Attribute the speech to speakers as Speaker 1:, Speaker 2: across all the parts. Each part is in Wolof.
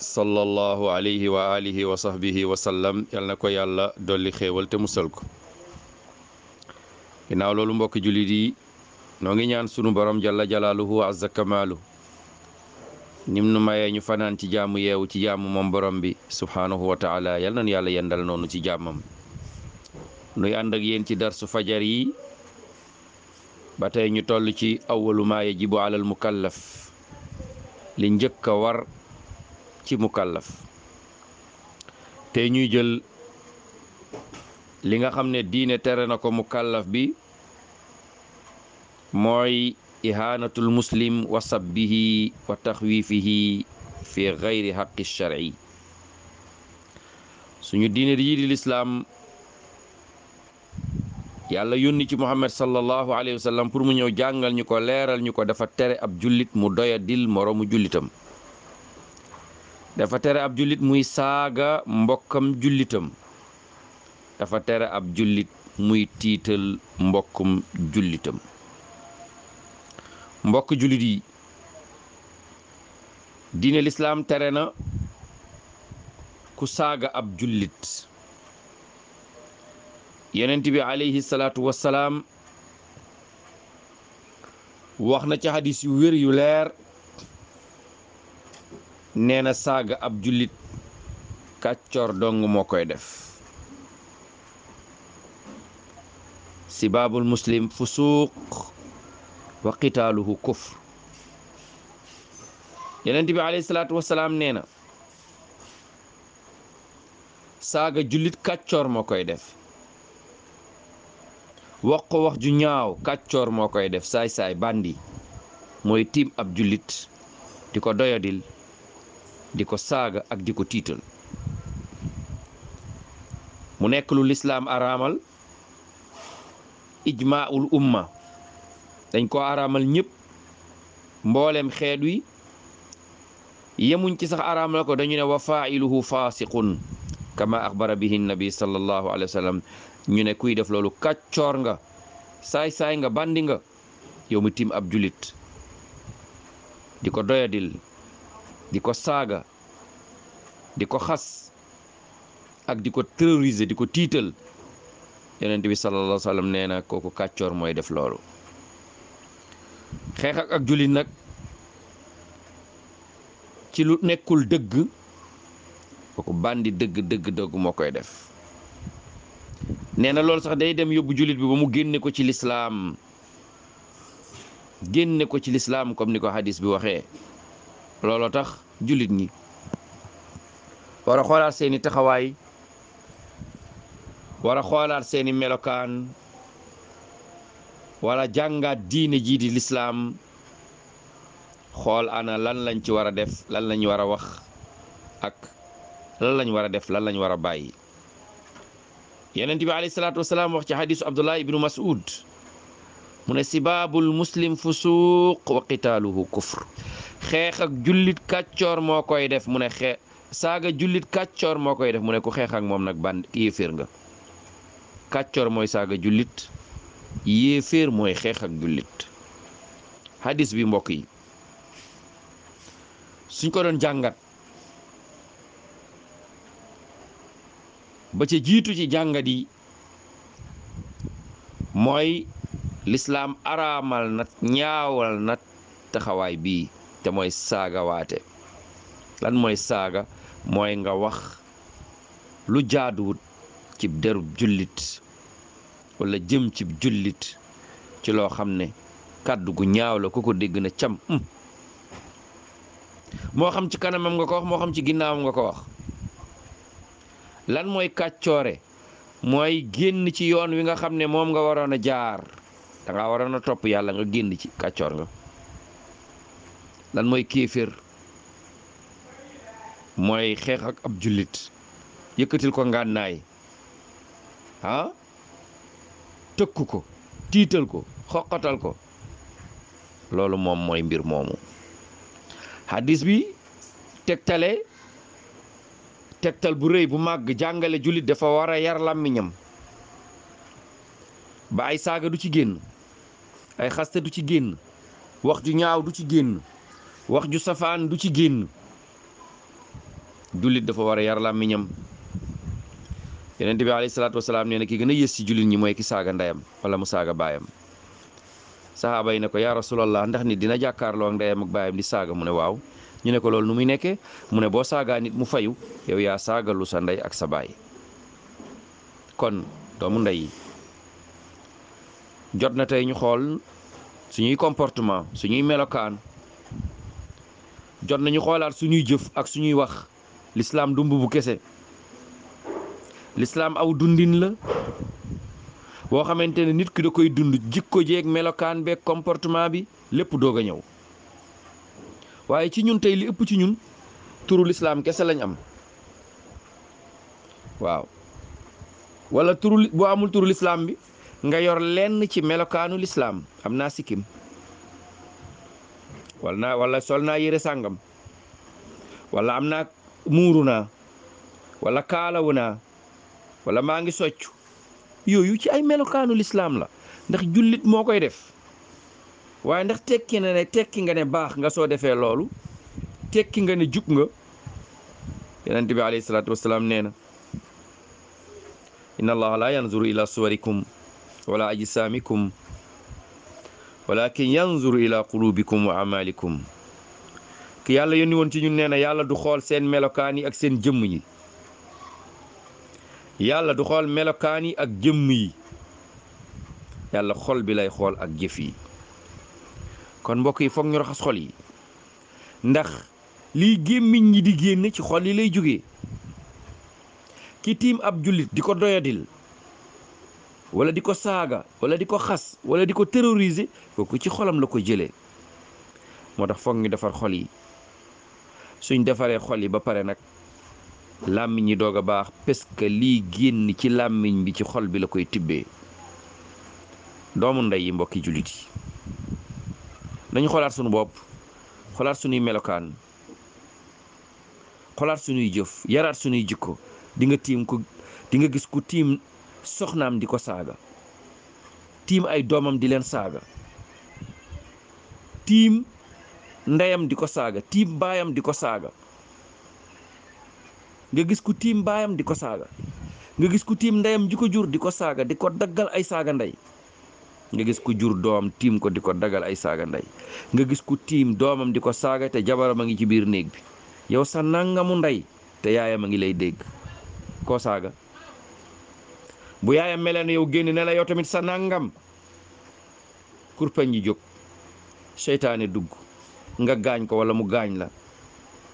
Speaker 1: sallallahu alayhi wa alihi wa ko yàlla dolli xéewal te musal ko ginnaaw yi noo ngi ñaan sunu borom jalla jalaaluhu azza ñu fanaan ci jàmm yeewu ci jàmm borom bi subhaanahu yàlla yendal noonu ci jàmmam nuy ànd ci darsu mukallaf li njëkk a war ci mukallaf te ñuy jël li nga xam ne diine tere na ko mukallaf bi mooy ihaanatul muslim wa sabbihi wa taxwiifihi fi gayri xaqi suñu diine yi di lislaam yàlla yónni ci muhammad sallallahu alayhi wa pour mu ñëw jàngal ñu ko leeral ñu ko dafa tere ab jullit mu doya dil moroomu jullitam dafa tere ab jullit muy saaga mbokkam jullitam dafa tere ab jullit muy tiital mbokkum jullitam mbokk jullit yi diine lislaam tere na ku saaga ab jullit yonent bi aleyhi salaatu wassalaam wax na ci xadis yu wér yu leer nee na saaga ab jullit kàccoor dong moo koy def si baabul muslim fusuuq wa qitaaluhu kufr yeneen bi alayhi salaatu wasalaam nee na saaga jullit kàccoor moo koy def wax ju ñaaw kàccoor moo koy def saay-saay bandi mooy tiim ab jullit di ko doyadil di ko saaga ak di ko tiital mu nekk lu lislaam araamal ijmaul umma dañ ko araamal ñépp mboolem xeet wi yemuñ ci sax araamal ko dañu ne wa faailuhu faasiqun kama axbara bihi nabi sallallahu alayhi wa ñu ne kuy def loolu kàccoor nga saay-saay nga bandi nga yow mu tiim ab julit di ko doyadil di ko saaga di ko xas ak di ko terroriser di ko tiital yonent bi sallallahu alayhi wa nee na kooku kàccoor mooy def loolu xeex ak ak jullit nag ci lu nekkul dëgg kooku bandi dëgg dëgg dëgg moo koy def nee na loolu sax day dem yóbbu jullit bi ba mu génne ko ci lislaam génne ko ci lislaam comme ni ko hadis bi waxee looloo tax jullit ñi war a xoolaat seeni taxawaay war xoolaat seeni melokaan war jàngaat diine jii di lislaam xool ana lan lañ ci war a def lan lañ war a wax ak lan lañ war a def lan lañ war a bàyyi yonent bi alayhi salaatu wasalaam wax ci xadiisu abdullah ibnu mas'ud mu ne sibaabul muslim fusuuq wa qitaaluhu kufr xeex ak jullit kàccoor moo koy def mu ne xee saaga jullit kàccoor moo koy def mu ne ku xeex ak moom nag bànd yéeféer nga kàccoor mooy saaga jullit yéeféer mooy xeex ak jullit hadis bi mbokk yi suñ ko doon jàngat ba ca jiitu ci jàngat yi mooy lislaam araamal na ñaawal na taxawaay bii te mooy saaga waate lan mooy saaga mooy nga wax lu jaaduwut ci derub jullit wala jëm ci jullit ci loo xam ne kàddu gu ñaaw la ku ko dégg na cam moo xam ci kanamam nga ko wax moo xam ci ginnaawam nga ko wax lan mooy kàccoore mooy génn ci yoon wi nga xam ne moom nga waroon a jaar da waroon a topp yàlla nga génn ci kàccoor nga lan mooy kéeféer mooy xeex ak ab jullit yëkkatil ko ngànnaay ah tëkku ko tiital ko xoqatal ko loolu moom mooy mbir moomu hadis bi tegtale tegtal bu réy bu màgg jàngale jullit dafa war a yar làmmiñam ba ay saaga du ci génn ay xaste du ci génn wax ju ñaaw du ci génn wax ju safaan du ci génn jullit dafa war a yar làmmiñam yonent bi alayhi salaatu wasalaam nee na ki gën a yées ci jullit ñi mooy ki saaga ndeyam wala mu saaga baayam saxaaba yi ne ko yaa rasulallah ndax nit dina jàkkaarloo ak ndeyam ak baayam di saaga mu ne waaw ñu ne ko loolu nu muy nekke mu ne boo saagaa nit mu fayu yow yaa saagalu sa ndey ak sa baay kon doomu ndey yi jot na tey ñu xool suñuy comportement suñuy melokaan jot nañu xoolaat suñuy jëf ak suñuy wax lislaam dumb bu kese lislaam aw dundin la boo xamante ne nit ki da koy dund jikko jeeg melokaan beeg comportement bi lépp doog a ñëw waaye ci ñun tey li ëpp ci ñun turu lislaam kese lañ am waaw wala turu boo amul turu lislaam bi nga yor lenn ci melokaanu lislaam am naa sikkim wal naa wala sol naa yére sàngam wala am naa muuru naa wala kaalawu naa wala maa ngi socc yooyu ci ay melokaanu lislaam la ndax jullit moo koy def waaye ndax tekki na ne tekki nga ne baax nga soo defee loolu tekki nga ne jub nga yonent bi alayhi salaatu wasalaam nee na inna allaha la yanzuru ila suwarikum wala ajsaamikum walakin yanzuru ila qulubikum wa amalikum ki yàlla yónni woon ci ñun nee na yàlla du xool seen melokaan yi ak seen jëmm yi yàlla du xool melokaan yi ak jëmm yi yàlla xol bi lay xool ak jëf yi kon mbokk yi foog ñu raxas xol yi ndax lii gémmiñ ñi di génn ci xol yi lay jóge ki tiim ab jullit di ko doyadil wala di ko saaga wala di ko xas wala di ko terroriser kooku ci xolam la ko jëlee moo tax foog ñu defar xol yi suñ defaree xol yi ba pare nag làmmiñ yi doog a baax parce que lii génn ci làmmiñ bi ci xol bi la koy tibbee doomu ndey yi mbokki jullit yi nañu xolaat suñu bopp xolaat suñuy melokaan xolaat suñuy jëf yaraat suñuy jikko di nga tiim ko di nga gis ku tiim soxnaam di ko saaga tiim ay doomam di leen saaga tiim ndeyam di ko saaga tiim baayam di ko saaga nga gis ku tiim baayam di ko saaga nga gis ku tiim ndeyam ji ko jur di ko saaga di ko daggal ay saaga ndey nga gis ku jur doom tiim ko di ko daggal ay saaga ndey nga gis ku tiim doomam di ko saaga te jabaram a ngi ci biir néeg bi yow sa nangamu ndey te yaayam a ngi lay dégg koo saaga bu yaayam mel ne yow génn ne la yow tamit sa nangam kurpañ yi jóg seytaane dugg nga gaañ ko wala mu gaañ la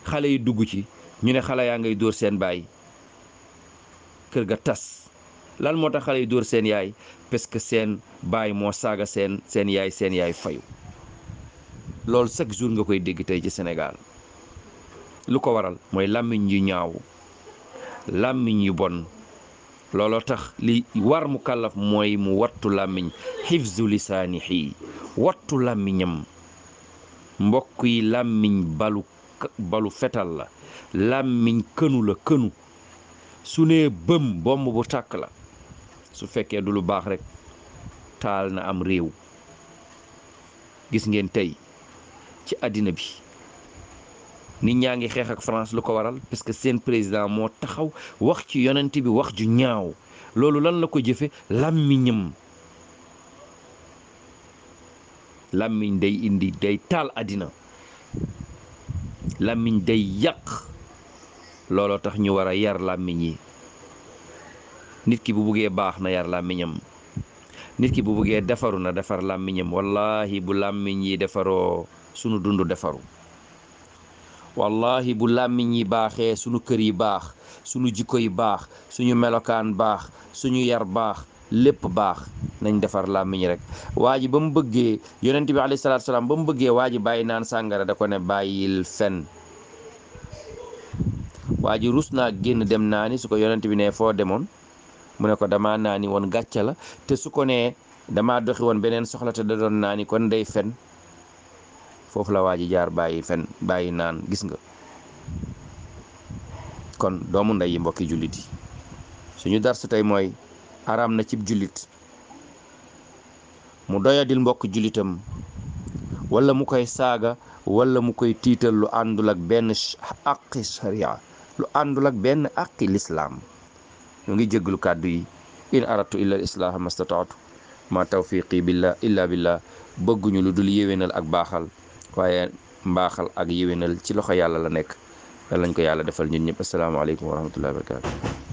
Speaker 1: xale yi dugg ci ñu ne xale yaa ngay dóor seen baay kër ga tas lan moo tax xale yi dóor seen yaay parce que seen baay moo saaga seen seen yaay seen yaay fayu loolu chaque jour nga koy dégg tey ci senegaal lu ko waral mooy làmmiñ yu ñaaw làmmiñ yu bon looloo tax li war mu kàllaf mooy mu wattu làmmiñ xifzu lisaanihi wattu làmmiñam mbokk yi làmmiñ balu balu fetal la làmmiñ kënu la kënu su nee bëm bomb bu tàkk la su fekkee du lu baax rekk taal na am réew gis ngeen tey ci àddina bi nit ñaa ngi xeex ak France lu ko waral parce que seen président moo taxaw wax ci yonent bi wax ju ñaaw loolu lan la ko jëfe làmmiñam làmmiñ day indi day taal àddina làmmiñ day yàq looloo tax ñu war a yar làmmiñ yi nit ki bu buggee baax na yar làmmiñam nit ki bu buggee defaru na defar làmmiñam wallaahi bu làmmiñ yi defaroo sunu dund defaru wallahi bu làmmiñ yi baaxee sunu kër yi baax sunu jikko yi baax suñu melokaan baax suñu yar baax lépp baax nañ defar làmmiñ rek waa ji ba mu bëggee yonent bi alayhi salaatu salaam ba mu bëggee waa ji bàyyi naan sàngara da ko ne bàyyil fen waa ji rus naa génn dem naa ni su ko yonent bi ne foo demoon mu ne ko damaa naa ni woon gàcce la te su ko nee damaa doxi woon beneen soxla te da doon naa ni kon day fen foofu la waa ji jaar bàyyi fen bàyyi naan gis nga kon doomu ndey yi mbokki jullit yi suñu darsu tey mooy araam na cib jullit mu doyadil mbokk jullitam wala mu koy saaga walla mu koy tiital lu àndul ak benn àqi sharia lu àndul ak benn àqi lislaam ñu ngi jégglu kàddu yi in aratu illa islaaha mastataatu ma tawfiqi billah illa billah bëgguñu lu dul yéwénal ak baaxal waaye mbaaxal ak yéwénal ci loxo yàlla la nekk lan lañ ko yàlla defal ñun ñëpp asalaamaaleykum wa rahmatullahi wa